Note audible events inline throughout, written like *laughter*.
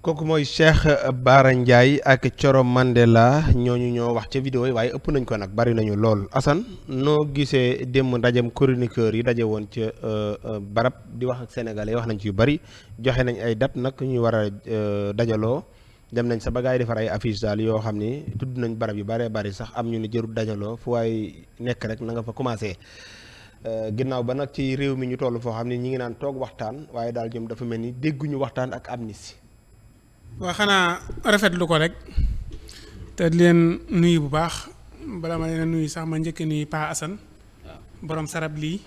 kooku mooy Cheikh Bara Ndiaye ak Coro Mandela ñooñu ñoo wax ca vidéo yi waaye ëpp nañ ko nag bari nañu lool Assane noo gisee démb ndajem chroniqueur yi daje woon ca euh, euh, barab di wax ak sénégalais wax nañ ci yu bari joxe nañ ay dat nag ñu war a euh, dajaloo dem nañ sa bagaay defar ay affiche daal yoo xam ni tudd nañ barab yu baree bari sax am ñu ne jërul dajaloo fu waay nekk rek na nga fa commencé ginnaaw ba nag ci réew mi ñu toll foo xam ne ñi ngi naan toog waxtaan waaye daal ñoom dafa mel ni dégguñu waxtaan ak amnistie waa xanaa rafetlu ko rek te di leen nuyu bu baax bala ma leen nuyu sax ma njëkk nii Pa Assane borom sarab lii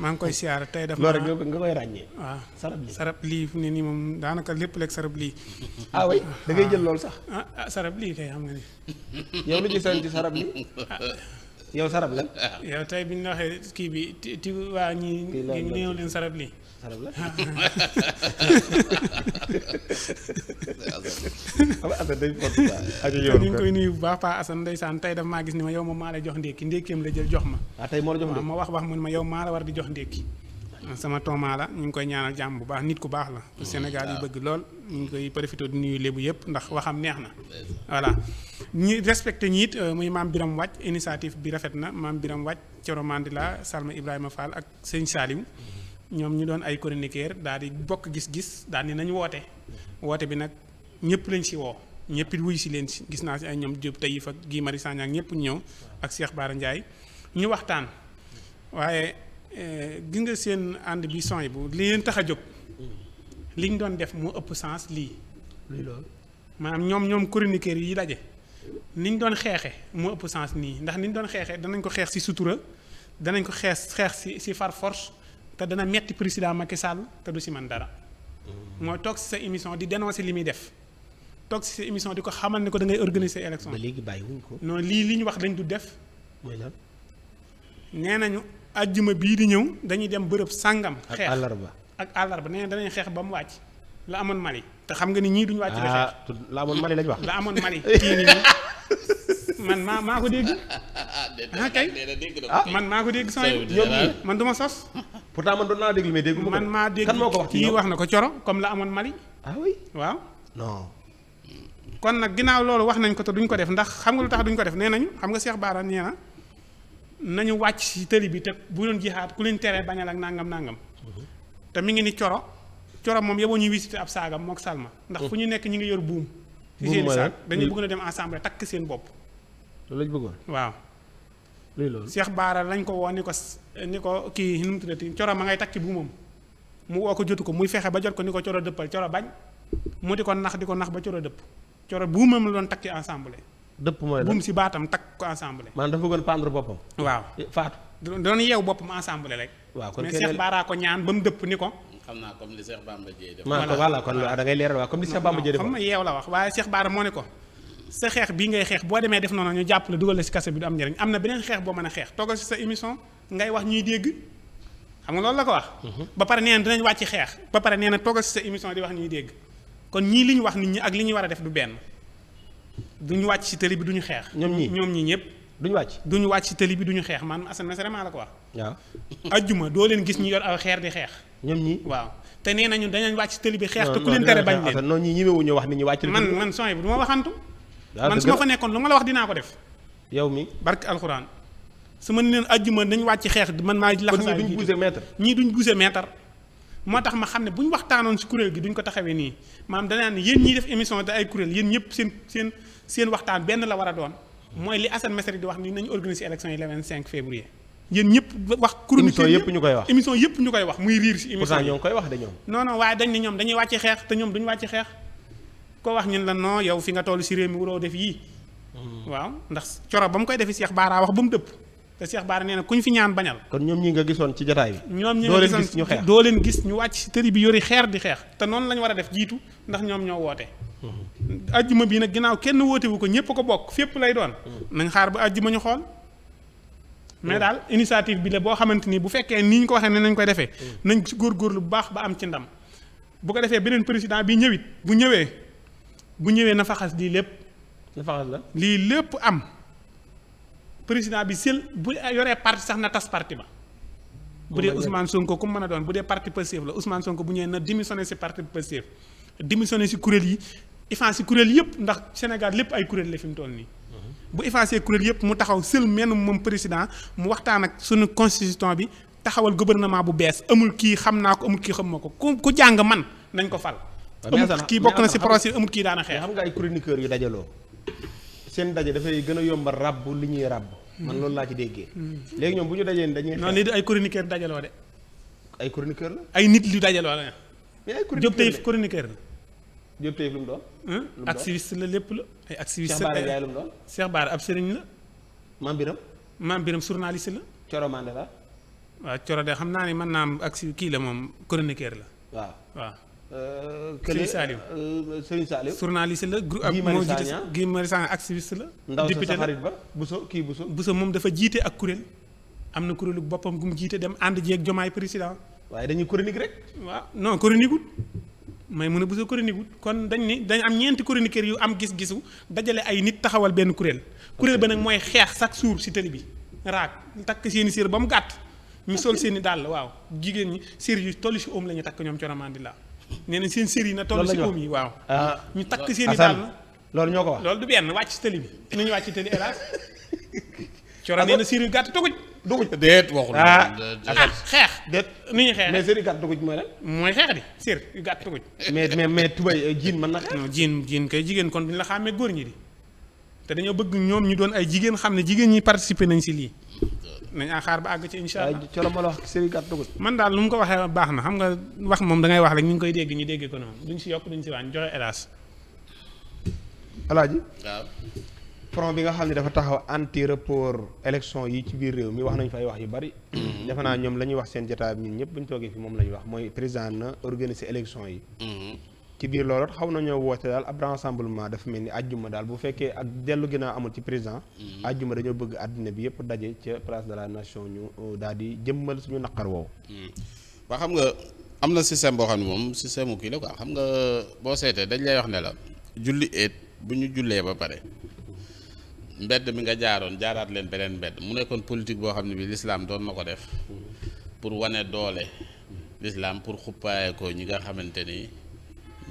maa ngi koy siyaar tey def loolu rek nga koy ràññee. waaw sarab lii sarab lii fi nii moom daanaka lépp lekk sarab lii. *laughs* ah jël loolu sax. Ah, ah sarab lii kay xam nga ni. *laughs* yow lu sarab lii. *laughs* sarab la. yow tey bi ñu waxee kii bi ti waa ñi. kii ñu leen sarab lii. xarab la. *laughs* Assane day pot aju yoon ñu koy nuyu bu baax Paa Assane ndeysaan tey daf maa gis ni ma yow ma maa jox ndékki ndékkeem la jël jox ma. ah tey moo ma wax wax mu ne ma yow maa la war di jox ndékki. sama toomaa la ñu ngi koy ñaanal jàmm bu baax nit ku baax la. Mm-hmm. Sénégal yi ah. bëgg lool ñu ngi koy profité di nuyu lébu yëpp ndax waxam neex na. voilà ñi respecté ñi it euh, muy maam Biram Wàcc initiative bi rafet na maam Biram Wàcc Coro Mandela Salma Ibrahima Fall ak sëñ Saliou. Mm-hmm. ñoom ñu doon ay chroniqueur daal di bokk gis-gis daal ni nañu woote woote bi nag ñëpp lañ si woo ñëpp wuy si leen si gis naa si ay ñoom Diop Taïf ak Guy Marius Sagna ak ñëpp ñëw ak Cheikh Bara Ndiaye ñu waxtaan waaye eh, gis nga seen ànd bi son bu li leen tax a jóg liñ doon def moo ëpp sens lii maanaam ñoom ñoom chroniqueur yi daje niñ doon xeexe moo ëpp sens nii ndax niñ doon xeexe danañ ko xeex si sutura danañ ko xeex xeex si si far force te dana metti président Macky Sall te du si man dara mooy toog si sa émission di dénoncer li muy def toog si sa émission di ko xamal ne ko da ngay organiser élection ba léegi ko non lii li ñu wax dañu du def mooy lan nee nañu àjjuma bii di ñëw dañuy dem bërëb sàngam xeex ak àllarba ak àllarba nee na danañ xeex ba mu wàcc la amoon Mali te xam nga ni ñii duñu wàcc la xeex ah, la amoon Mali lañ wax la amoon Mali kii nii man maa maa ko dégg *laughs* ah, ah, ah kay man maa ko dégg sooy man du ma sos pourtant man doon naa déglu mais déggu ma ko. man maa dégg wax ci wax na ko coro comme la amoon Mali. ah waaw. non. kon nag ginnaaw loolu wax nañ ko te duñ ko def ndax xam nga lu tax duñ ko def nee nañu xam nga Cheikh Bara nee na nañu wàcc ci tëli bi te bu doon jihaat ku leen teree bañal ak nangam nangam. Mhm. te mi ngi ni coro coro moom yeboo ñuy visité ab saagam mook salma ndax mhm. fu ñu nekk ñu ngi yor buum. ci seen i saag dañuy bëgg na dem ensemble takk seen bopp. loolu lañ bëggoon waaw. Cheikh Baara lañ ko woo ni ko ni ko kii nu mu tuddati coro ma ngay takki bu moom mu woo ko jotu ko muy fexe ba jot ko ni ko coro dëppal coro bañ mu di ko nax di ko nax ba coro dëpp coro bu moom la doon takki ensemble dëpp mooy buum si baatam takk ko ensemble maanaam dafa gën pendre boppam waaam eh, faatu doon yeew boppam ensemble rek waaw kon mais Cheikh Baara ko ñaan ba mu dëpp ni ko xam naa comme li Cheikh Bamba Dieye def leeral waaw comme li Cheikh Bamba Dieye def xam na la wax waaye Cheikh Baara moo ne ko sa xeex bii ngay xeex boo demee def noonu ñu jàpp la dugal la si kase bi du am njëriñ am na beneen xeex boo mën a xeex toggal si sa émission ngay wax ñuy dégg xam loolu la ko wax. Mhm. ba pare nee na dinañ wàcc xeex ba pare nee na toggal si sa émission di wax ñuy dégg kon ñii li ñu wax nit ñi ak li ñu war a def du benn duñu wàcc si tëli bi duñu xeex. ñoom ñii ñoom ñii ñëpp. duñu wàcc duñu wàcc si tëli bi duñu xeex man Assane Mesere maa la ko wax. doo leen gis ñu yor aw xeer di xeex. ñoom ñii waaw te nee nañu dañu wàcc tëli bi xeex te ku leen tere bañ leen non ñii ñemewuñu wax ni ñu wàcc man man sooy bu du ma waxantu man su ma fa nekkoon lu ma la wax dinaa ko def. yow mi barke alxuraan su ma leen àjjuma nañ wàcc xeex man maa laxasaay ñii duñ bousee ñii duñ bousee mètre. moo tax ma xam ne bu ñu waxtaanoon si kuréel gi duñ ko taxawee nii maam danaa ne yéen ñiy def émission da ay kuréel yéen ñëpp seen seen seen waxtaan benn la war a doon mooy li Assane Mesri di wax ni nañu organiser élection yi le 25 février. yéen ñëpp wax. émission yëpp ñu koy wax émission yëpp ñu koy wax muy riir si émission. pourtant ñoo ngi ko wax ñun la noo yow fi nga toll si réew mi waroo def yii mm-hmm. waaw ndax coro ba mu koy defi Cheikh Baara wax ba mu dëpp te Cheikh Baara nee ku ñu fi ñaan bañal kon ñoom ñi nga gisoon ci jotaay bi ñoom ñi nga gisoon doo leen gis ñu wàcc si tëri bi yori xeer di xeex te noonu la war a def jiitu ndax ñoom ñoo woote mm-hmm. ajjuma bii nag ginnaaw kenn wootewu ko ñépp ko bokk fépp lay doon mm-hmm. nañ xaar ba ajjuma ñu xool mais daal initiative bi la boo xamante ni bu fekkee nii ñu ko waxee ne nañ koy defee nañ ci góorgóorlu bu baax ba am ci ndam bu ko defee beneen président bi ñëwit bu ñëwee bu ñëwee na faxas lii lépp la lii lépp am président bi sil bu yore parti sax na tas parti ba bu dee oh Ousmane Sonko ku mën a doon bu dee parti Pastef la Ousmane Sonko bu ñëwee na démissionné si parti Pastef démissionné si kuréel yi effacé kuréel yëpp ndax Sénégal lépp ay kuréel la fi mu toll nii mm-hmm. bu effacé kuréel yëpp mu taxaw sël menn moom président mu waxtaan ak suñu constitution bi taxawal gouvernement bu bees amul kii xam naa ko amul kii xam ma ko ku ku jàng man nañ ko fal amul kii bokk na si procès amul kii daana xeex xam nga ay chroniqueurs yu dajaloo seen daje dafay gën a yombal ràbb li ñuy ràbb man loolu laa ci déggee léegi ñoom bu ñu dajee dañuy non ni ay chroniqueur dajaloo de ay chroniqueur la ay nit yu dajaloo la mais ay chroniqueur Diop Taïf chroniqueur la Diop Taïf lu mu doon activiste la lépp la ay activiste la Cheikh Bara lu ab sëriñ la Mame Biram Mame Biram journaliste la Coro Mandela waaw Coro de xam naa ne mën naa am ak kii la moom chroniqueur la waaw Euh, Serigne Saliou euh, Serigne Saliou. journaliste la groupe ak moo jiite Guy Marius Sagna activiste la. ndaw sa ba Bousso kii Bousso. Bousso moom dafa jiite ak kuréel am na kuréelu boppam gu mu jiite dem ànd jeeg jomaay président. waaye dañuy chronique rek. waaw non chronique wut may mun a Bousso chronique kon dañ ni dañ am ñeenti chroniqueurs yu am gis-gisu dajale ay nit taxawal benn kuréel. kuréel ba nag mooy xeex chaque jour si télé bi. raak takk seen i ba mu gàtt ñu sol seen i dàll waaw jigéen ñi séer yu toll si oom la ñu takk ñoom coramaan di laa nee na seen sër yi na toll si oom yi waaw ah, ñu takk seen i dàll loolu ñoo ko wax loolu du benn wàcc si tëli bi ñu wàcc tëli hélas *laughs* coro ah, nee na sër yu gàtt duguj duguj déet waxul ah, ah xeex déet nu ñuy xeex mais sër yu gàtt duguj mooy lan gàtt duguj mais mais mais tubay euh, jiin mën na non jiin jiin kay jigéen kon duñu la xàmmee góor ñi di te dañoo bëgg ñoom ñu doon ay jigéen xam ne jigéen ñi participer nañ si lii nañ a xaar ba àgg ci incha allah ci la ma la wax Serigne man daal lu mu ko waxee baax na xam nga wax moom da ngay wax rek ñu ngi koy dégg ñu dégg ko noonu duñ si yokk duñ si wàññi joxe hélas. alaaji waaw front bi nga xam ne dafa taxaw anti report élection yi ci biir réew mi wax nañu fay wax yu bari. Mm-hmm. defe naa ñoom la ñuy wax seen jotaay ñun ñëpp bu ñu toogee fi moom la ñuy wax mooy président na organiser élection yi. Mm-hmm. ci biir loolu xaw nañoo woote daal ab rassemblement dafa mel ni ajjuma daal bu fekkee ak dellu ginnaaw amul ci président ajjuma mm-hmm. dañoo bëgg àddina bi yëpp daje ca place de la nation ñu euh, daal di jëmmal suñu naqar woowu mm-hmm. waa xam nga am na système boo xam ne moom système mu kii la ko xam nga boo seetee dañ lay wax ne la julli eet bu ñu jullee ba pare mbedd mi nga jaaroon jaaraat leen beneen mbedd mu nekkoon politique boo xam ne bi lislaam doon na ko def mm-hmm. pour wane doole l'islam pour xuppaaye ñi nga xamante ni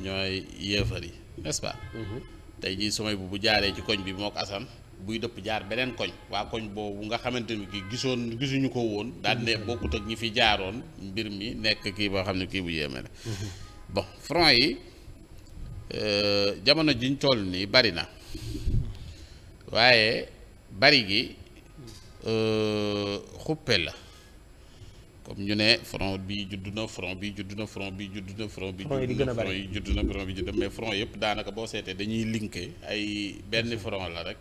ñooy yéefar yi n'est-ce mm-hmm. tey jii sumay bu bu jaaree ci koñ bi moo ko Assane buy dëpp jaar beneen koñ waa koñ boobu nga xamante ni ki gisoon gisuñu ko woon daal ne mm-hmm. bokkut ak ñi fi jaaroon mbir mi nekk kii boo xam ne kii bu yéeme la. Mm-hmm. bon front yi euh, jamono jiñ toll nii bari na waaye bari gi euh, xuppe la. comme ñu ne front bi judd na front bi judd na front bi judd na front bi judd na front yi judd na front bi judd na mais front yëpp daanaka boo seetee dañuy linké ay benn front la rek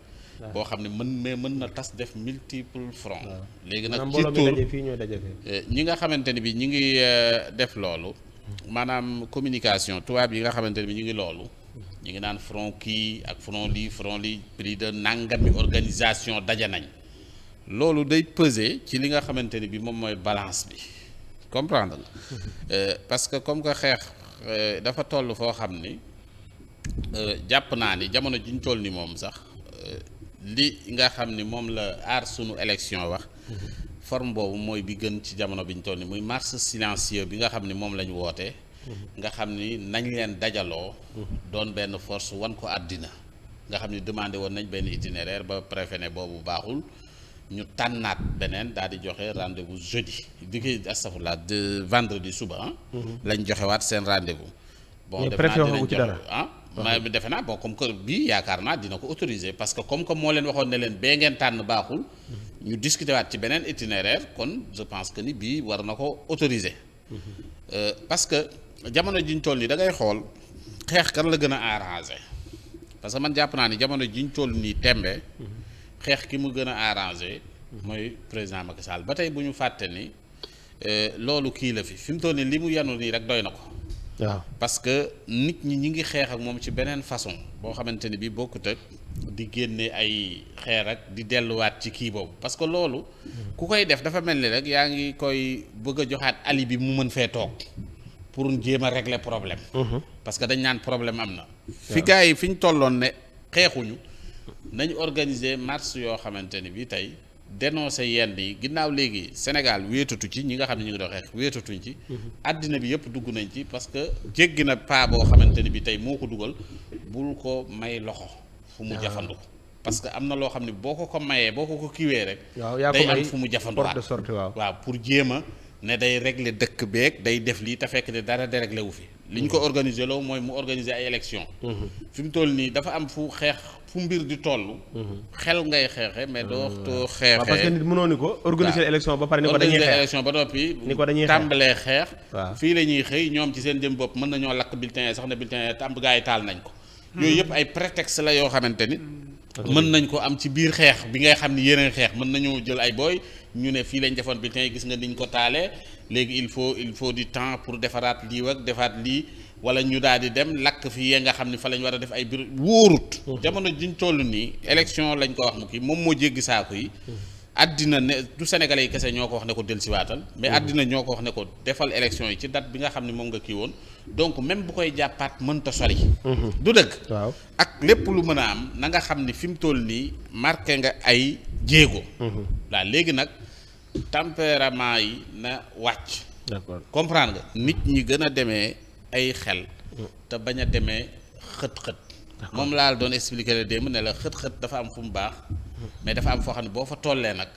boo xam ne mën mais mën na tas def multiple front léegi nag ci tour eh, ñi nga xamante ni bi ñi ngi eh, def loolu hmm. maanaam communication tubaab yi nga xamante ni bi ñu ngi loolu hmm. ñu ngi naan front kii ak front lii front lii prix de nangami organisation daje nañ loolu day peser ci li nga xamante ni bi moom mooy balance bi comprendre nga *laughs* euh, parce que comme que xeex euh, dafa toll foo xam ni euh, jàpp naa ni jamono ji ñu toll nii moom sax li nga xam ni moom la aar sunu élection wax *laughs* forme boobu mooy bi gën ci jamono bi toll ni muy marche silencieux bi nga xam ni moom la ñu woote *laughs* nga xam ni nañ leen dajaloo doon benn force wan ko àddina nga xam ni demandé woon nañ benn itinéraire ba préfet ne boobu baaxul ñu tànnaat beneen daal di joxe rendez-vous jeudi di ko astafurla de vendredi suba ah. mhm. lañ waat seen rendez-vous bon def naa dinañ joxe ah, ah. ma defe naa bon comme que bii yaakaar naa dina ko autoriser parce que comme que moo leen waxoon ne leen bee ngeen tànn baaxul mhm. ñu discuter waat ci beneen itinéraire kon je pense que ni bii war na ko autoriser mhm. euh, parce que jamono jiñ toll nii da ngay xool xeex kan la gën a arranger parce que man jàpp naa ni jamono jiñ toll nii tembe xeex ki mu gën a arrangé mooy président Macky Sall ba tey bu ñu fàtte ni euh, loolu kii la fi fi mu toll nii li mu yanu nii rek doy na ko waaw parce que nit ñi ñi ngi xeex ak moom ci beneen façon boo xamante ni bi bokkut ak di génne ay xeer ak di delluwaat ci kii boobu parce que loolu ku koy def dafa mel ni rek yaa ngi koy bëgg a joxaat ali bi mu mën fee toog pour jéem a régler problème mhm. parce dañ naan problème am na fi gars yi fi ñu tolloon ne xeexuñu nañu organiser marche yoo xamante ni bi tey dénoncer yenn yi ginnaaw léegi Sénégal wéetatu ci ñi nga xam ne ñu ngi doon xeex wéetatuñ ci àddina mhm. bi yëpp dugg nañ ci parce que jéggi na paa boo xamante ni bi tey moo ko dugal bul ko may loxo fu mu ah. jafandu parce que am na loo xam ne boo ko ko mayee boo ko ko kiiwee rek day am fu mu jafanduwaat waaw pour jéem a ne day regle dëkk beeg day def lii te fekk ne dara déréglé wu fi li ñu ko organiser loo mooy mu organiser ay élection mhm. fi mu toll nii dafa am fu xeex fu mbir di toll. Mhm. xel ngay xeexe mais doo mhm. xeexee. waaw parce que nit ko. organiser élection ba pare ni ko dañuy xeex élection ba noppi. ko dañuy xeex tàmbalee xeex. fii la ñuy xëy ñoom ci seen jëm bopp mën nañoo lakk bulletin yi sax ne bulletin yi tàmb gaa yi taal nañ ko. yooyu yëpp ay prétexte la yoo xamante ni. mën nañ ko am ci biir xeex bi ngay xam ni yeneen xeex mën nañoo jël ay booy ñu ne fii lañ defoon bulletin yi gis nga niñ ko taalee. léegi il faut il faut di temps pour defaraat lii ak defaat lii wala ñu daal di dem lakk fi yee nga xam ni fa la ñu war a def ay biir wóorut. Mhm. jamono jiñ toll nii élection lañ ko wax mu kii moom moo jéggi saako yi. àddina mhm. ne du sénégalais yi kese ñoo ko wax ne ko dellusiwaatal. mais àddina mhm. ñoo ko wax ne ko defal élection yi ci date bi nga xam ne moom nga kii woon donc même bu koy jàppaat mënta sori. du dëgg. waaw ak lépp lu mën a am na nga xam ni fi mu toll nii marqué nga ay jéego. waaw tempérament yi na wàcc. d'accord comprendre nga nit ñi gën a demee ay xel. Mm. te bañ a demee xët-xët. moom laa la doon expliquer la démb ne la xët-xët dafa am fu mu baax. Mm. mais dafa am foo xam ne boo fa tollee nag.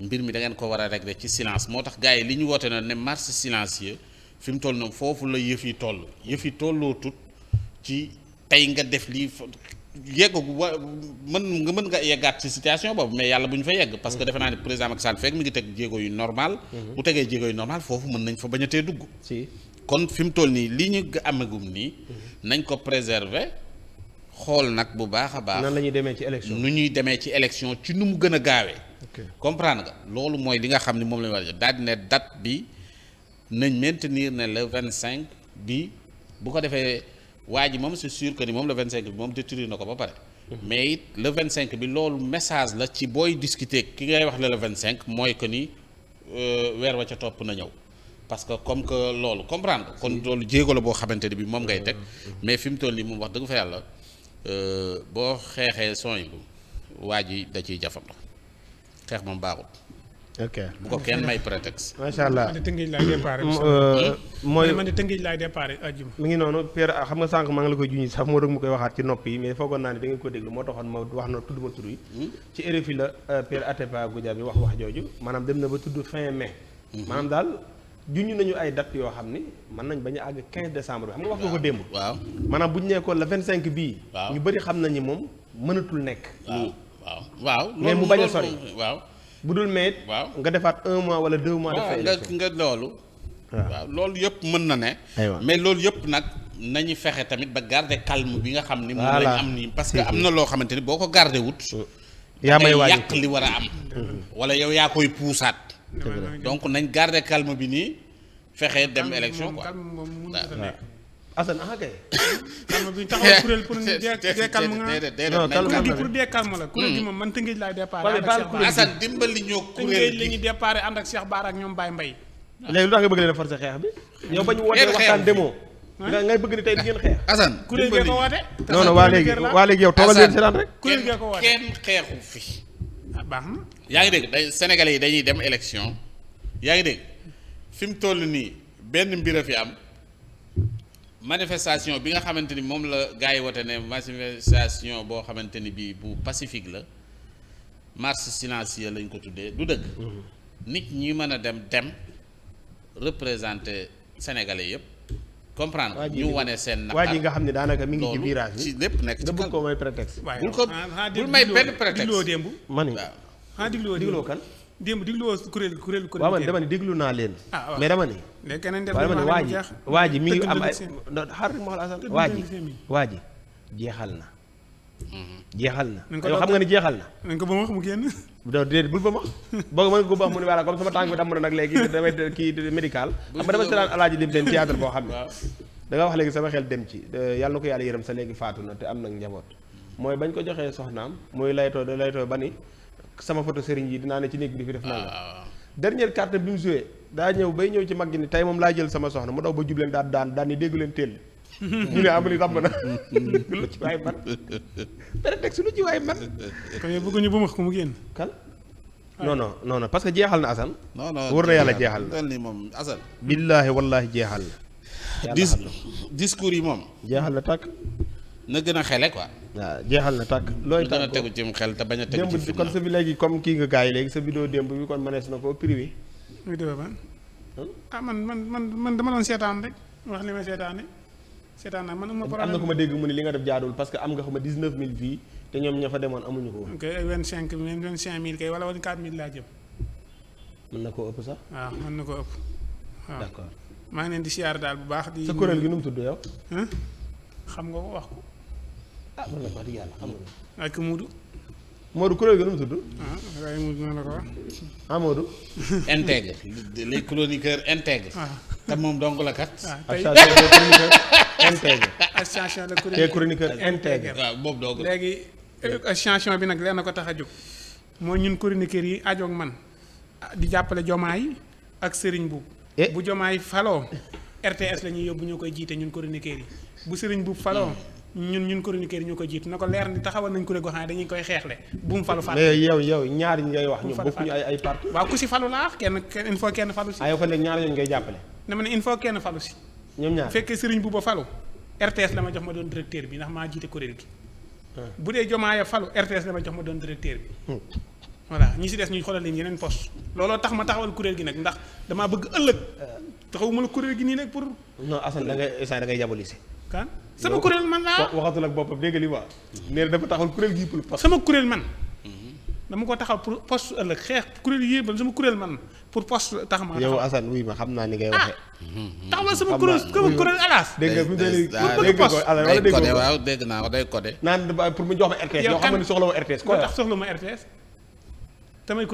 Mm. mbir mi da ngeen ko war a régler ci silence moo tax gars yi li ñu woote na ne marche silencieux fi mu toll noonu foofu la yëf yi toll yëf yi tolloo tut ci tey nga def lii yeggagu wa mën nga mën nga yeggaat ci situation boobu mais yàlla bu ñu fa yegg parce que mm-hmm. defe naa ne président Macky Sall fekk mi ngi teg jéego yu normal mm-hmm. bu tegee jéego yu normal foofu mën nañ fa bañ dugg kon fi mu toll nii li ñu amagum nii mm-hmm. nañ ko préserver xool nag bu baax a baax na la ñuy demee ci élection nu ñuy demee ci élection ci nu mu gën a gaawee comprendre nga loolu mooy li nga xam ne moom la ñu war a jël daal ne date bi nañ maintenir ne la vingt cinq bi bu ko defee waa ji moom c'est sûr que ni moom le 25 bi moom détruire na ko ba pare. mais it vingt cinq bi loolu message la ci booy discuter ki ngay wax ne vingt cinq mooy que ni euh, weer wa ca topp na ñëw. parce que comme que loolu comprendre kon loolu jéego la boo xamante ni bi moom ngay mm-hmm. teg mm-hmm. mais fi mu toll nii moom wax dëgg fa yàlla euh, boo xeexee son yi waa ji da ciy jafandu xeex moom baaxul. ok bu ko kenn may prétexte. macha allah man de Tëngéej laay déparé. Euh, hmm? mooy man de Tëngéej laay déparé ngi noonu Pierre ah, xam nga sànq maa ngi la koy junj sax moo doon mu koy waxaat ci nopp yi mais foogoon naa ne da ko déglu moo taxoon ma wax na tudd ma tur yi. Hmm? ci RFI la euh, Pierre Atepa Goudiaby wax wax jooju maanaam dem na ba tudd fin mai. Hmm. maanaam daal junj nañu ay date yoo xam ni mën nañ ba a àgg 15 décembre bi xam nga wax nga ko démb. waaw maanaam bu ñu nekkoon le 25 bii. waaw ñu bëri xam nañ ni moom mënatul nekk. waaw waaw mu bañ a sori waaw bu dul mayit waaw nga defaat un mois wala deux mois. def élection nga loolu. Ah. waaw loolu yëpp mën na ne. mais loolu yëpp nag nañu fexe tamit ba garder calme bi nga xam ni. moom lañ am nii parce que am na loo xamante ni boo ko garder wut. yaa may waaj li war a am. wala yow yaa koy puusaat. donc nañ garder calme bi nii fexe dem élection quoi. Assane ah kay. calme bi taxawal *laughs* kuréel pour ñu dee dee calme nga. déedéet déedéet non calme gi pour dee calme la. kuréel gi mm. moom man Tëngéej laay déparé. ànd ak Cheikh Baara Assane dimbali ñoo kuréel gi Tëngéej la ñuy déparé ànd ak Cheikh Baara ak ñoom Baye Mbaye. léegi lu tax nga bëgg leen a forcer xeex bi. yow bañ wootee waxtaan demoo. nga ngay bëgg ni tey di ngeen xeex. Assane kuréel gee ko woote. non non waa léegi waa léegi yow toogal leen seetaan rek. kuréel gee ko woote kenn xeexu fi. Ah, baax na. yaa ngi dégg day Sénégalais yi dañuy dem élection yaa ngi dégg fi mu toll nii benn mbir a fi am manifestation bi nga xamante ni moom la gars yi woote ne manifestation boo xamante ni bii bu pacifique la marche silencieuse lañ ko tuddee du dëgg. Mm-hmm. nit ñi mën a dem dem représenter sénégalais yëpp. comprendre ñu wane seen. naqar waa ji nga xam ne daanaka mi ngi ci virage ci lépp nekk ci kan nga bëgg ko may prétexte. bul ko bul may benn prétexte. ma ne. waaw digloo démb dégluwoo kuréel kuréel. waaw man dama ni déglu naa leen. Ah, mais dama ni. keneen def na waa ji waa ji mi ngi am ay xar ma wax la waa ji waa ji jeexal na. Mhm. jeexal na yow xam nga ni jeexal na. nañ ko ba mu génn. *laughs* do déedéet bul ba boo mën ko baax mu ne voilà comme sama na nag léegi kii médical. *laughs* xam nga dama seetaan alaaji dem benn théâtre boo xam ne. wax léegi sama xel dem ci yàlla ko yàlla yërëm sa léegi faatu na te am nag njaboot. mooy bañ ko joxee soxnaam muy laytoo da laytoo ba ni sama photo sëriñ yi dinaa ne ci néeg bi di fi def nanga ah, ah, ah. dernière carte bi mu joué daa ñëw bay ñëw ci mag ñi ne tey moom laa jël sama soxna mu daw ba jub leen daal daan daan ni déggu leen teel ñu ne amali ràbb na *laughs* lu ci waay man prétexte lu ci waay man kon yow bëgguñu bu max ko mu génn kan non non non parce que jeexal na Assane non non wër na yàlla jeexal na ni moom Assane billaahi wallaahi jeexal na dis discours yi moom jeexal na tàkk na gën a xele quoi. waaw jeexal na tàkk looy tàkk na tegu cim xel te bañ a tegu ci kon sa bi léegi comme kii nga gars yi léegi sa vidéo démb bi kon mënees na ko privé. vidéo ban hmm? ah man man man man dama doon seetaan rek wax li ma seetaane seetaan nag man am na ko ma dégg mu ne li nga def jaadul parce que am nga xam ne 19000 vues te ñoom ña fa demoon amuñu ko. ok ay 25 même 25000 kay wala 24000 laa jëm. mën na koo ëpp sax. waaw ah, mën na koo ëpp. waaw ah. d'accord maa ngi leen di siyaar daal bu baax. di sa kuréel gi nu mu tudd yow. xam nga ko wax ko. ah man ak Moodu. Moodu kuréel gi nu mu tudd. ah waaye Moodu noonu la ko wax. ah Moodu. intègre ah. te moom dong la kat. ah association de chroniqueur intègre waaw boobu léegi euh, association bi nag leen na ko tax a jóg mooy ñun chroniqueur yi ajoog man ah, di jàppale jomaay ak sëriñ bu eh? bu jomaay faloo RTS la ñuy yóbbu ñoo koy jiite ñun chroniqueur yi bu sëriñ bu faloo mm. ñun ñun chroniqueur yi ñu ko jiit na ko leer ni taxawal nañ kuréel goo xam koy xeexle bu mu falu falu mais yow yow ñaar ñi ngay wax ñu bokkuñu ay ay parti waaw ku kenn il faut kenn falu si ah, yow kon nag ñaar ñooñu ngay jàppale dama kenn falu si ñoom ñaar fekkee bu ba falu RTS la jox ma doon directeur bi ndax maa jiite kuréel gi ah. bu dee jomaaya falu RTS dama jox ma doon directeur bi hmm. voilà ñi si des ñuy xoolal leen yeneen poste looloo tax ma taxawal kuréel gi nag ndax damaa bëgg ëllëg ah. taxawu ma la kuréel gi nii nag pour non Assane da ngay Assane da ngay diaboliser kan sama kuréel man laa waxatul ak boppam dégg nga li waa nee na dafa taxawal kuréel gii pour sama kuréel man mm-hmm. dama ko taxaw pour poste ëllëg xeex kuréel yii ba sama kuréel man pour poste tax ma yow Assane wuy xam naa ni ngay waxee mm-hmm. taxawal sama sama kuréel alaas dégg nga dégg ko wala dégg ko naa ko day pour mu jox ma RTS yoo xam ne soxla ma RTS ko tax soxla ma RTS tamay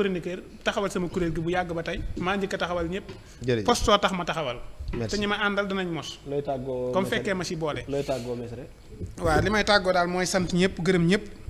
taxawal sama kuréel gi bu yàgg ba tey maa njëkk a taxawal ñëpp poste tax ma taxawal te ñu ma àndal danañ mos. looy tàggoo comme fekkee ma si boole. looy tàggoo mes rek. waaw li may tàggoo daal mooy sant ñëpp gërëm ñëpp.